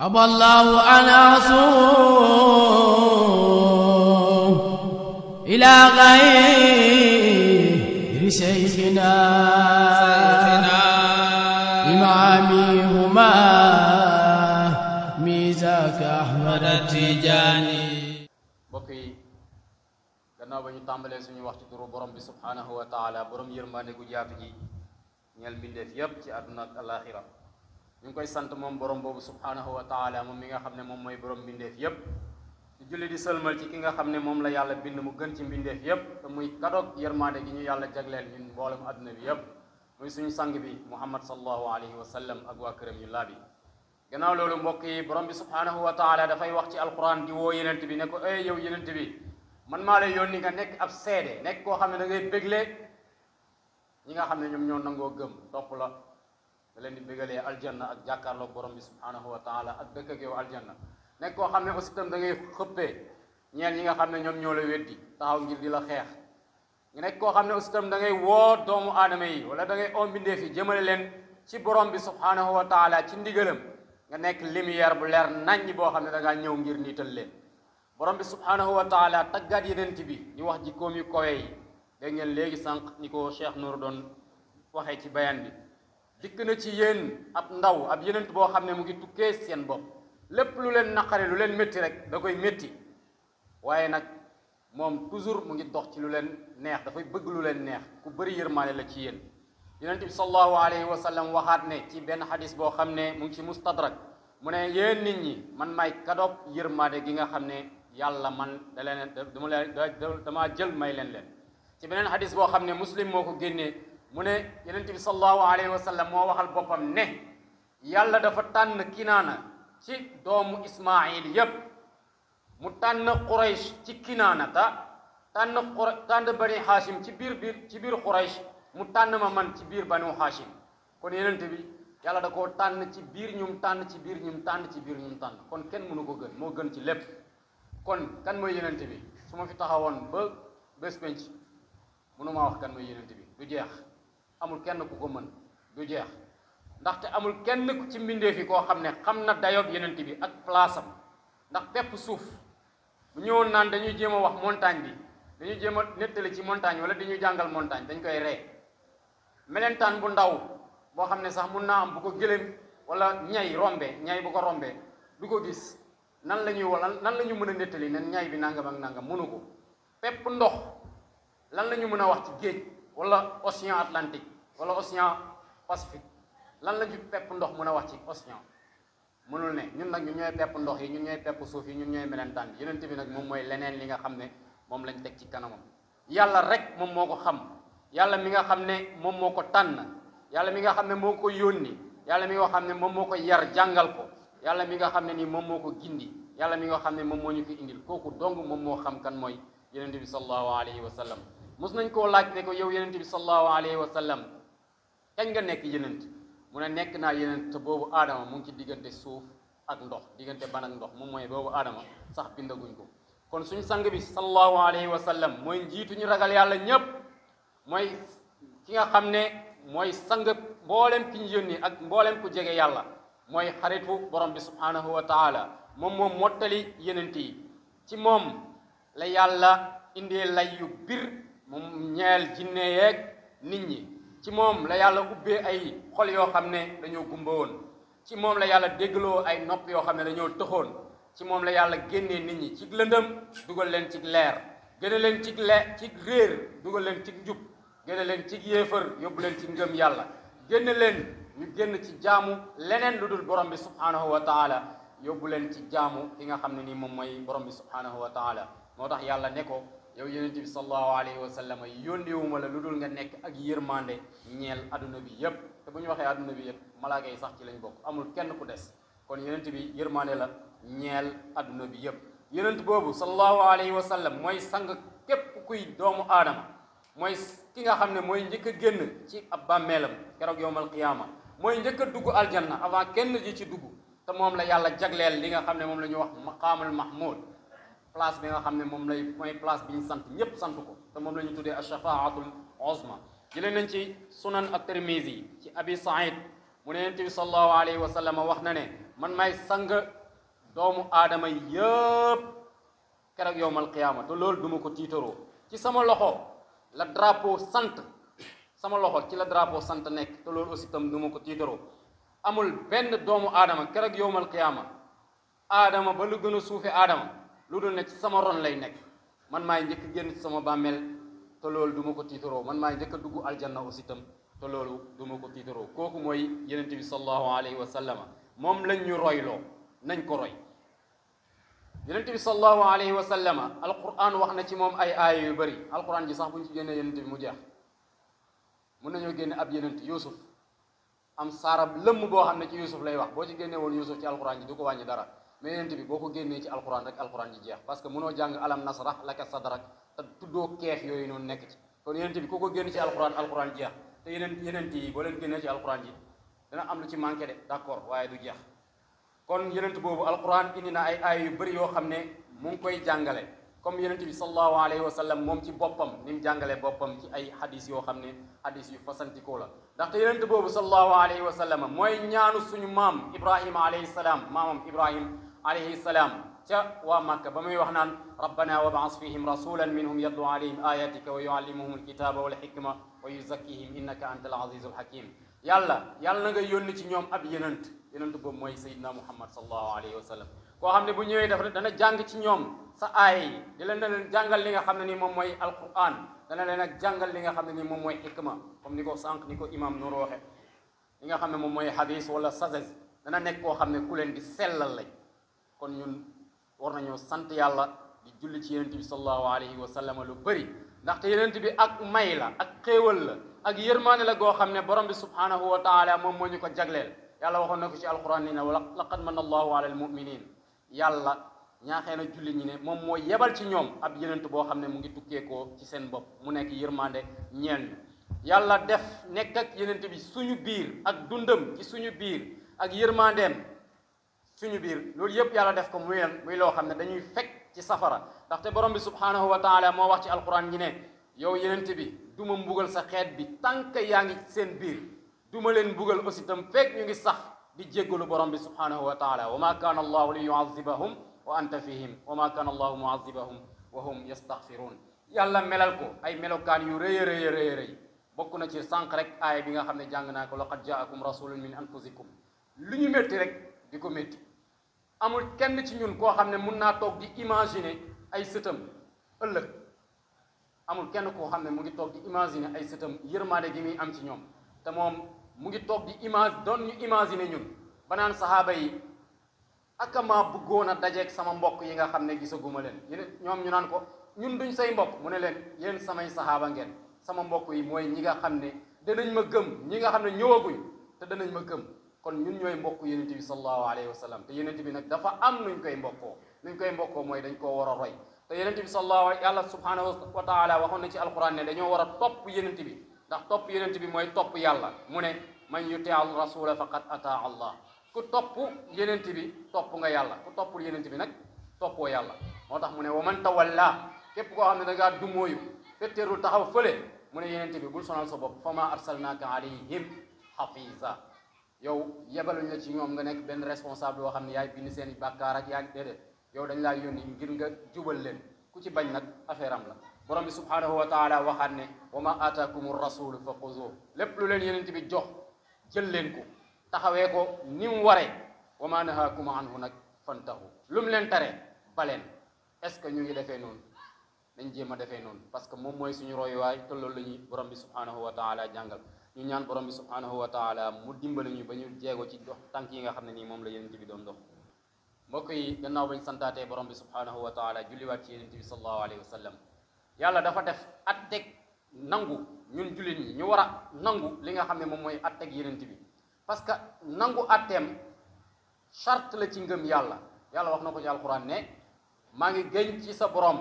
أبى الله أنا أصوم إلى غير شيخنا إمامهما ميزاك أحمد تجاني بكي كنا بني تامل سني وقت ترو برم سبحانه وتعالى برم يرمانك وجابجي نيل بندف يبكي أدنى الآخرة ñu ngi koy sant moom borom boobu subhaanahu wa taala moom mi nga xam ne moom mooy borom mbindeef yépp di julli di sëlmal ci ki nga xam ne moom la yàlla bind mu gën ci mbindeef yépp te muy kadoog gi ñu yàlla jagleel ñun mboolem adduna bi yépp muy suñu sang bi muhammad sallallahu alayhi wa sallam ak waa këram ñu laa bi gannaaw loolu mbokk yi borom bi subhaanahu wa taala dafay wax ci alquran di woo yenent bi ne ko yow yenent bi man maa lay yónni nga nekk ab seede nekk koo xam ne da ngay bégle nga xam ne ñoom ñoo nangoo gëm topp la da leen di bégalee aljanna ak jàkkaarloog borom bi subhanahu wa taala ak dëkk ak yow aljanna nekk koo xam ne aussi tam da ngay xëppee ñeen ñi nga xam ne ñoom ñoo la weddi taxaw ngir di la xeex nekk koo xam ne aussi tam da ngay woo doomu aadama yi wala dangay ngay ombindee fi jëmale leen ci borom bi subhanahu wa taala ci ndigalam nga nekk lumière bu leer naññ boo xam ne da ngaa ñëw ngir niital leen borom bi subhanahu wa taala taggaat yenent bi di wax jikkoom yu kowe yi dégg ngeen léegi sànq ni ko Cheikh Nour doon waxee ci bayan bi dikk na ci yéen ab ndaw ab yenent boo xam ne mu ngi tukkee seen bopp lépp lu leen naqare lu leen metti rek da koy métti waaye nag moom toujours mu ngi dox ci lu leen neex dafay bëgg lu leen neex ku bëri yërmaane la ci yéen yonent bi sallallahu alayhi wa sallam waxaat ne ci benn xadis boo xam ne mu ngi ci mustadrak mu ne yéen nit ñi man may kadob yërmaade gi nga xam ne yàlla man da leen dama leen damaa jël may leen leen ci beneen xadis boo xam ne muslim moo ko génnee mu ne yenent bi sallallahu alayhi wa sallam moo waxal boppam ne yàlla dafa tànn kinaana ci doomu ismail yépp mu tànn quraysh ci kinaana ta tànn qura tànn bani haashim ci biir biir ci biir quraysh mu tànn ma man ci biir banu haashim kon yenent bi yàlla da ko tànn ci biir ñum tànn ci biir ñum tànn ci biir ñum tànn kon kenn mënu ko gën moo gën ci lépp kon kan mooy yenent bi su ma fi taxawoon ba bés penc maa wax kan mooy yenent bi du jeex amul kenn ku ko mën du jeex ndaxte amul kenn ku ci mbindeef yi koo xam ne xam na dayoob yenent bi ak place ndax pepp suuf mu ñëwoon naan dañuy jéem a wax montagne bi dañuy jéem a nettali ci montagne wala dañuy jàngal montagne dañ koy ree melentaan bu ndaw boo xam ne sax mun naa am bu ko gëléem wala ñay rombe ñay bu ko rombee du ko gis nan la ñuy wala nan la ñu mën a nettali nen ñay bi nangam ak nangam mënu ko pepp ndox lan la ñu mën a wax ci géej wala océan Atlantique wala océan Pacifique lan la ju pepp ndox mën a wax ci océan mënul ne ñun nag ñu ñooy pepp ndox yi ñu ñooy pepp suuf yi ñu ñooy melentaan yi yonent bi nag moom mooy leneen li nga xam ne moom lañ teg ci kanamam yàlla rek moom moo ko xam yàlla mi nga xam ne moom moo ko tànn yàlla mi nga xam ne moo ko yónni yàlla mi nga xam ne moom moo ko yar jàngal ko yàlla mi nga xam ne nii moom moo ko gindi yàlla mi nga xam ne moom moo ñu ko indil kooku dong moom moo xam kan mooy yonent bi sallallahu alayhi wa sallam mus nañ ko laaj ne ko yow yenen tibi sallallahu alayhi wa sallam kañ nga nekk yenent mu ne nek na yenen te bobu adama mu ci digante suuf ak ndox digante ban ak ndox mu moy bobu adama sax bindaguñ ko kon suñ sang bi sallallahu alayhi wa sallam moy njitu ñu ragal yalla ñep moy ki nga xamne moy sang mbolem ki ñu yoni ak mbolem ku jégué yalla moy xaritu borom bi subhanahu wa taala mom mom motali yenen yi ci mom la yalla lay yu bir moom ñeel jinne yeeg nit ñi ci moom la yàlla ubbee ay xol yoo xam ne dañoo gumba woon ci moom la yàlla déggloo ay nopp yoo xam ne dañoo tëxoon ci moom la yàlla génnee nit ñi ci lëndëm dugal leen ci leer gën leen ci ci réer dugal leen ci njub gën leen ci yéefar yóbbu leen ci ngëm yàlla génn leen ñu génn ci jaamu leneen lu dul borom bi subhanahu wa taala yóbbu leen ci jaamu ki nga xam ne nii moom mooy borom bi subhanahu wa taala moo tax yàlla ne ko yow yonent bi sallallahu alayhi wa sallam yónneewuma la lu dul nga nekk ak yërmande ñeel àdduna bi yépp te bu ñu waxee àdduna bi yépp malaaka yi sax ci lañ bokk amul kenn ku des kon yonent bi yërmande la ñeel àdduna bi yépp yonent boobu sallallahu alayhi wa sallam mooy sang képp kuy doomu aadama mooy ki nga xam ne mooy njëkk a génn ci ab bàmmeelam keroog yowmal qiyaama mooy njëkk dugg aljanna avant kenn ji ci dugg te moom la yàlla jagleel li nga xam ne moom la ñu wax maqaamul mahmud place bi nga xam ne moom lay mooy place bi ñu sant ñépp sant ko te moom la ñu tuddee ashafaatul uzma jëlee nañ ci sunan ak tirmisi yi ci abi said mu ne yonent bi sallallahu alayhi wa sallam wax na ne man may sang doomu aadama yëpp keroog yowmal qiyaama te loolu duma ko tiitaroo ci sama loxo la drapeau sant sama loxo ci la drapeau sant nekk te loolu aussi itam duma ko tiitaroo amul benn doomu aadama keroog yowmal qiyaama aadama ba lu gën a suufe aadama lu dul ne sama ron lay nekk man maay njëkk génn sama bàmmeel te loolu du ko tiitaroo man maa njëkk dugg aljanna aussi itam te loolu du ma ko tiitaroo kooku mooy yenente bi sallallahu alayhi wa sallama moom lañ ñu royloo nañ ko roy yenente bi sallallahu alayhi wa sallama alquran wax na ci moom ay aaya yu bëri alquran ji sax bu ñu ci génnee yenente mu jeex mun nañoo génne ab yenent yusuf am saarab lëmm boo xam ne ci yusuf lay wax boo ci génne woon yusuf ci alquran ji du ko wàññi dara mais bi boko ko alquran ci alcorane rek alcorane ji jeex parce que mëno jang alam nasrah laka sadrak ta tuddo keef yoy noonu nekk ci kon yonent bi koko ko ci alcorane alcorane jeex te yeneen yeneen yi bo leen génnee ci alcorane ji dana am lu ci manké dé d'accord waye du jeex kon yonent bobu alcorane inina na ay yu bari yo xamné mu ng koy jangalé comme yonent bi sallallahu alayhi wa sallam ci bopam nim jangalé bopam ci ay hadis yo xamné hadith hadis yu fasantikoo la ndaxte yonent bobu sallallahu alayhi wa sallam mooy ñaanu suñu mam ibrahim alayhi salam mamam Ibrahim عليه السلام ca waa Makka ba ربنا wax فيهم رسولا منهم يدلو عليهم آياتك ويعلمهم الكتاب والحكمة ويزكيهم إنك أنت العزيز الحكيم يلا يلا innaka antal azizul hakim يننت yàlla na nga yónni ci ñoom ab yenant yenant boobu bu ñewé dafa dana jàng ci ñom sa ay yi di leen dana jàngal li nga xamne ni mom moy alquran dana leen ak jàngal li nga xamne ni mom moy hikma comme ni ko sànq ni ko imam nuru waxe li nga xamne mom moy hadith wala sagesse dana nek ko xamne ku leen di selal lañ kon ñun war nañu sant yàlla di julli ci yonent bi sallallahu alayhi wa sallam lu bari ndax te yonent bi ak may la ak xewal la ak yermane la go xamne borom bi subhanahu wa taala mom moñu ko jaglel yàlla waxon nako ci alquran ni ne laqad manna allahu ala almuminin yàlla ñaaxee na julli ñi ne moom moo yebal ci ñom ab yonent bo xamne mu ngi tukke ko ci seen bop mu nek yermande ñeñ yàlla def nek ak yonent bi suñu biir ak dundam ci suñu biir ak yermandem suñu biir loolu yépp yàlla def ko muy lan muy loo xam ne dañuy fekk ci safara ndaxte borom bi subhanahu wa taala moo wax ci alquran gi ne yow yenent bi duma mbugal sa xeet bi tànk yaa ngi seen biir duma ma leen mbugal aussi tam fekk ñu ngi sax di jéggalu borom bi subhanahu wa taala wa ma kana allahu li yuazibahum wa anta fihim wa ma kana allahu muazibahum wa hum yastaghfirun yàlla melal ko ay melokaan yu rëy rëy rëy rëy bokk na ci sànq rek aaya bi nga xam ne jàng naa ko laqad jaakum rasulun min anfusikum lu ñu métti rek di ko métti amul kenn ci ñun koo xam ne mun naa toog di imaginer ay sëtam ëllëg amul kenn koo xam ne mu ngi toog di imaginer ay sëtam yërmaande gi muy am ci ñoom te moom mu ngi toog di image doon ñu imaginer ñun banaan saxaaba yi akamaa buggoon a dajeeg sama mbokk yi nga xam ne gisaguma leen ñoom ñu naan ko ñun duñ say mbokk mu ne leen yéen samay saxaaba ngeen sama mbokk yi mooy ñi nga xam ne danañ ma gëm ñi nga xam ne ñëwaguñ te danañ ma gëm kon ñun ñoy mbokk yenenbi bi sallallahu alayhi wa sallam te yenenbi bi nak dafa am nuñ koy mbokk nuñ koy mbokk moy dañ ko wara roy te yenenbi bi sallallahu yàlla subhanahu wa taala waxon na ci alquran ne dañu wara top yenenbi bi ndax top yenenbi bi mooy topp yàlla mu ne man yuti al rasul faqat ata allah ku top yenenbi bi topp nga yàlla ku top yenenbi bi top wo yàlla motax tax mu ne wa man tawalla kep ko xamne ne da ngaa dumóoyu te teerul taxaw fële mu ne yonente bi bul sonal sa bop fama arsalnaka alayhim xafiisa yow yebaluñ la ci ñoom nga nekk benn responsable boo xam ne yaay bind seen i bàkkaar ak yaa ngi déedéet yow dañ laa yónni ngir nga jubal leen ku ci bañ nag affaire am la borom bi subhaanahu wa taala waxaat ne wa ma ataakumu rasulu fa xuzuuh lépp lu leen yeneen bi jox jël leen ko taxawee ko ni mu waree wa ma nahaakum anhu nag fantahu lu leen taree baleen est ce que ñu ngi defee noonu dañ jéem a defee noonu parce que moom mooy suñu royuwaay te loolu la ñuy borom bi subhaanahu wa taala jàngal ñu ñaan borom bi subhanahu wa taala mu dimbali ñu ba ñu jeego ci dox tànk yi nga xam ne nii moom la yonent bi doon dox mbokk yi gannaaw bañ santaatee borom bi subhanahu wa taala julliwaat ci yonent bi sallallahu alayhi wa sallam yàlla dafa def atteg nangu ñun jullit ñi ñu war a nangu li nga xam ne moom mooy atteg yonent bi parce que nangu atteem charte la ci ngëm yàlla yàlla wax na ko ci alquran maa ngi gëñ ci sa borom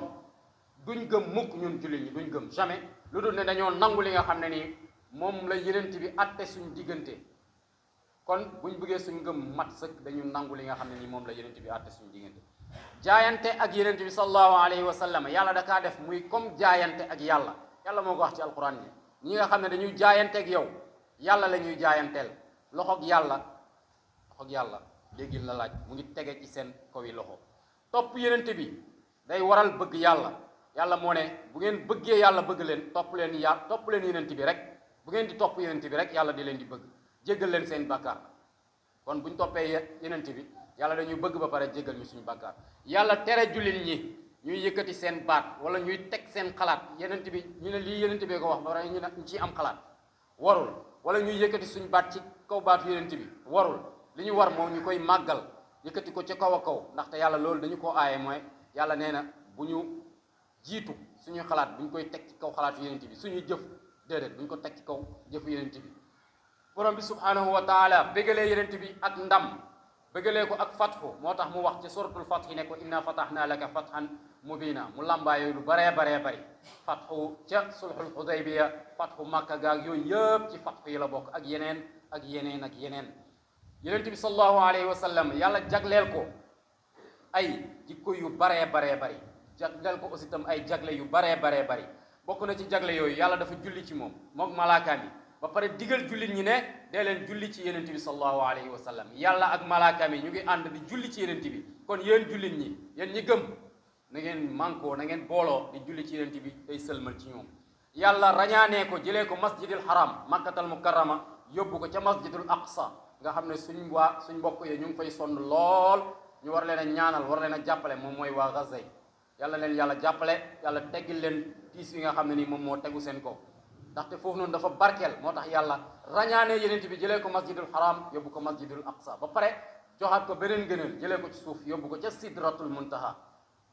duñ gëm mukk ñun jullit ñi duñ gëm jamais lu dul ne dañoo nangu li nga xam ne nii moom la yenent bi atte suñ diggante kon buñ bëggee suñ ngëm mat sëkk dañu nangu li nga xam ne nii moom la yenent bi atte suñ diggante jaayante ak yenent bi sallallahu alayhi wa sallam yàlla da def muy comme jaayante ak yàlla yàlla moo wax ci alquran ni ñi xam ne dañuy jaayante ak yow yàlla la ñuy jaayanteel loxoog yàlla loxoog yàlla léegi la laaj mu ngi tege ci seen kaw loxo topp yenent bi day waral bëgg yàlla yàlla moo ne bu ngeen bëggee yàlla bëgg leen topp leen ya topp leen yenent bi rek bu ngeen di topp yonent bi rek yàlla di leen di bëgg jéggal leen seen bàkkaar kon bu ñu toppee yonent bi yàlla dañuy bëgg ba pare jéggal ñu suñu bàkkaar yàlla tere jullit ñi ñuy yëkkati seen baat wala ñuy teg seen xalaat yonent bi ñu ne lii yonent bee ko wax ba pare ñu ne ci am xalaat warul wala ñuy yëkkati suñu baat kaw baatu yonent bi warul li ñu war moom ñu koy màggal yëkkati ko ci kaw a kaw ndaxte yàlla loolu dañu ko aaye mooy yàlla nee na bu ñu jiitu suñu xalaat bu ñu koy teg ci kaw xalaatu yonent bi suñuy jëf dedet buñ ko tek ci kaw jëf yenent bi borom bi subhanahu wa taala bégalee yenent bi ak ndam bëggalee ko ak fatxu motax mu wax ci suratul fatxi ne ko inna fatahna laka fathan mubina mu làmbaayoo lu bare bare bare fatxu ci sulhul xudaybiya fatxu makka ga ak yoy yëpp ci fatxu yi la bok ak yeneen ak yeneen ak yeneen yenent bi sallahu alayhi wa sallam yàlla jagleel ko ay jikko yu bare bare bare jagleel ko aussi tam ay jagle yu bare bare bare bokk na ci jagle yooyu yàlla dafa julli ci moom moom malaakaam yi ba pare digal jullit ñi ne dee leen julli ci yenent bi sallallahu alayhi wa sallam yàlla ak malaakaam yi ñu ngi ànd di julli ci yenent bi kon yéen jullit ñi yéen ñi gëm na ngeen mànkoo na ngeen booloo di julli ci yenent bi day sëlmal ci ñoom yàlla nee ko jëlee ko masjidil haram makkatal mukarrama yóbbu ko ca masjidul aqsa nga xam ne suñ waa suñ mbokk yee ñu ngi fay sonn lool ñu war leen a ñaanal war leen a jàppale moom mooy waa yàlla leen yàlla tiis yi nga xam ne nii moom moo tegu seen kaw ndaxte foofu noonu dafa barkeel moo tax yàlla rañaane yenent bi jëlee ko masjidul haram yóbbu ko masjidul aqsa ba pare joxaat ko beneen gëneel jëlee ko ci suuf yóbbu ko ca sidratul muntaha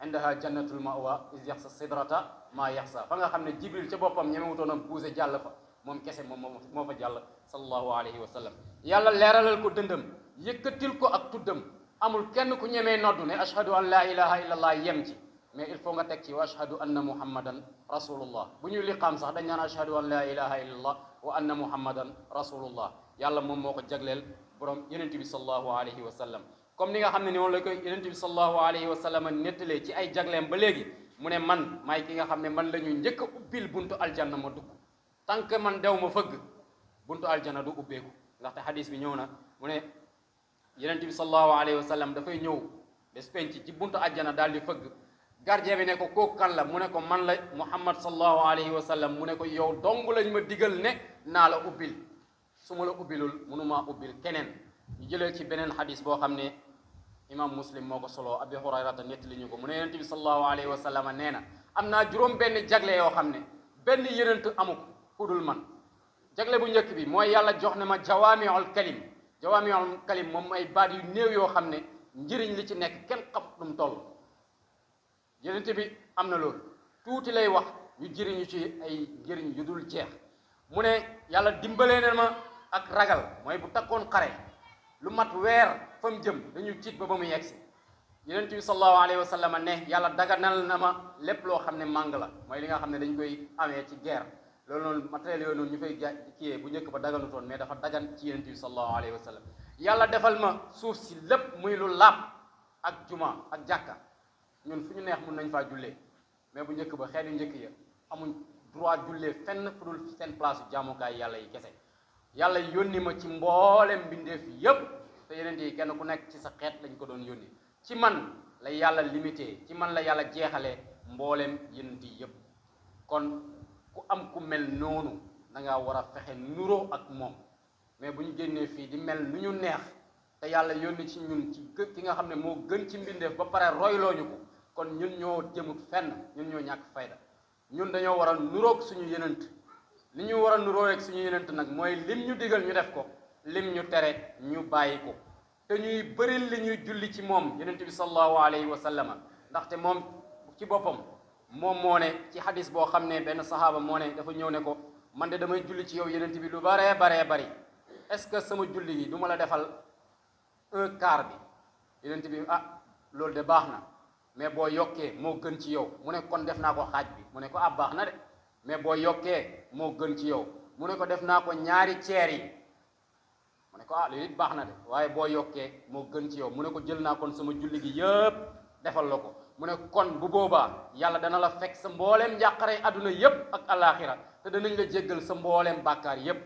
indaha jannatul mawa is yaxsa sidrata maa yaxsa fa nga xam ne jibril ca boppam ñemewutoon a buuse jàll fa moom kese moom moo fa jàll sallallahu alayhi wa sallam yàlla leeralal ko dëndam yëkkatil ko ak tuddam amul kenn ku ñemee noddu ne ashhadu an la ilaha illa allah mais il faut nga tek ci wa ashhadu anna muhammadan rasulullah bu ñuy liqaam sax dañ naan ashhadu an la ilaha illallah wa anna muhammadan rasulullah yàlla mom moko jaglel borom yenenbi sallahu alayhi wa sallam comme ni nga xam ni won la koy yenenbi sallahu alayhi wa sallam nettalee ci ay jaglem ba léegi mune man may ki nga xam man lañu ñu ubil buntu aljanna ma dugg tant que man dew ma fëgg buntu aljanna du ndax te hadith bi ñewna mune yenenbi sallahu alayhi wa sallam da fay ñëw bés penc ci buntu aljanna dal di feug gardien bi ne ko kooku kan la mu ne ko man la muhammad sallallahu alayhi wa sallam mu ne ko yow dong lañu ma digal ne naa la ubbil su ma la ubbilul mënumaa ubbil keneen ñu ci beneen xadis boo xam ne imam muslim moo ko soloo abi hurayrata la ñu ko mu ne yonent bi sallallahu alayhi wa sallam nee na am naa juróom benn jagle yoo xam ne benn yonent amu ko man jagle bu njëkk bi mooy yàlla jox ne ma jawaamiul kalim jawaamiul kalim moom ay baat yu néew yoo xam ne njëriñ li ci nekk kenn xam lu yonent bi am na loolu tuuti lay wax ñu jëriñu ci ay njëriñ yu dul jeex mu ne yàlla dimbalee na ma ak ragal mooy bu takkoon xare lu mat weer fa jëm dañu tiit ba ba mu yegsi yonent bi sallallahu alayhi wa sallam ne yàlla daganal na ma lépp loo xam ne màng la mooy li nga xam ne dañ koy amee ci guerre loolu noonu matériel yooyu noonu ñu fay ja kiyee bu njëkk ba daganutoon mais dafa dagan ci yonent bi sallallahu alayhi wa sallam yàlla defal ma suuf si lépp muy lu laab ak juma ak jàkka ñun fu ñu neex mun nañ faa jullee mais bu njëkk ba xeet njëkk ya amuñ droit jullee fenn fu dul seen place jaamukaay yàlla yi kese yàlla yónni ma ci mboolem mbindeef yëpp te yeneen yi kenn ku nekk ci sa xeet lañ ko doon yónni ci man la yàlla limité ci man la yàlla jeexalee mboolem yeneen yi yépp kon ku am ku mel noonu da ngaa war a fexe nuroo ak moom mais bu ñu génnee fii di mel nu ñu neex te yàlla yónni ci ñun ci ki nga xam ne moo gën ci mbindeef ba pare royloo ñu ko kon ñun ñoo jëmut fenn ñun ñoo ñàkk fayda ñun dañoo war a nuroog suñu yenant li ñuy war a nuroog rek suñu yenant nag mooy lim ñu digal ñu def ko lim ñu tere ñu bàyyi ko te ñuy bëri li ñuy julli ci moom yenent bi sallallahu alayhi wa sallama ndaxte moom ci boppam moom moo ne ci xadis boo xam ne benn saxaaba moo ne dafa ñëw ne ko man de damay julli ci yow yenent bi lu baree baree bari es ce que sama julli gi du ma la defal un quart bi yenent bi ah loolu de baax na mais boo yokkee moo gën ci yow mu ne kon def naa ko xaaj bi mu ne ko ab ah baax na de mais boo yokkee moo gën ci yow mu ne ko def naa ko ñaari ceer yi mu ne ko ah léegi baax na de waaye boo yokkee moo gën ci yow mu ne ko jël naa kon sama julli gi yëpp defal la ko mu ne kon bu boobaa yàlla dana la fekk sa mbooleem njàqare àdduna yépp ak alaaxira te danañ la jëggal sa mbooleem bàkkaar yépp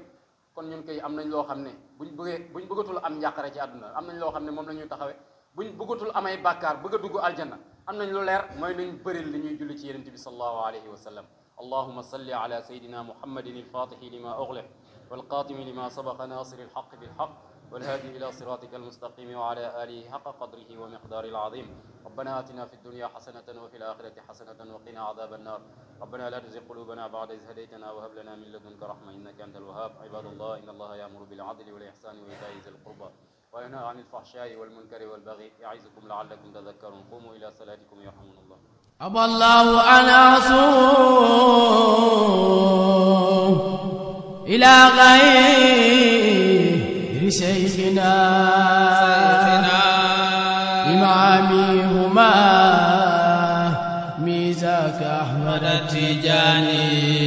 kon ñun kay am nañ loo xam ne buñ bëggee buñ bëggatul am njàqare ci am nañ loo xam ne moom la ñuy taxawee buñ bëggatul amay bàkkaar bëgg dugg aljanna am nañ lu leer mooy nañ bëril li ñuy julli ci yonent bi sallallahu alayhi wa sallam allahuma salli ala sayidina muhammadin alfatixi lima uxliq walqatimi lima والهادي إلى صراطك المستقيم وعلى آله حق قدره ومقدار العظيم ربنا آتنا في الدنيا حسنة وفي الآخرة حسنة وقنا عذاب النار ربنا لا تزغ قلوبنا بعد إذ هديتنا وهب لنا من لدنك رحمة إنك أنت الوهاب عباد الله إن الله يأمر بالعدل والإحسان وإيتاء ذي القربى وينهى عن الفحشاء والمنكر والبغي يعظكم لعلكم تذكرون قوموا إلى صلاتكم يرحمون الله أبى الله أن أصوم إلى غير شيخنا إمامهما ميزاك أحمد التجاني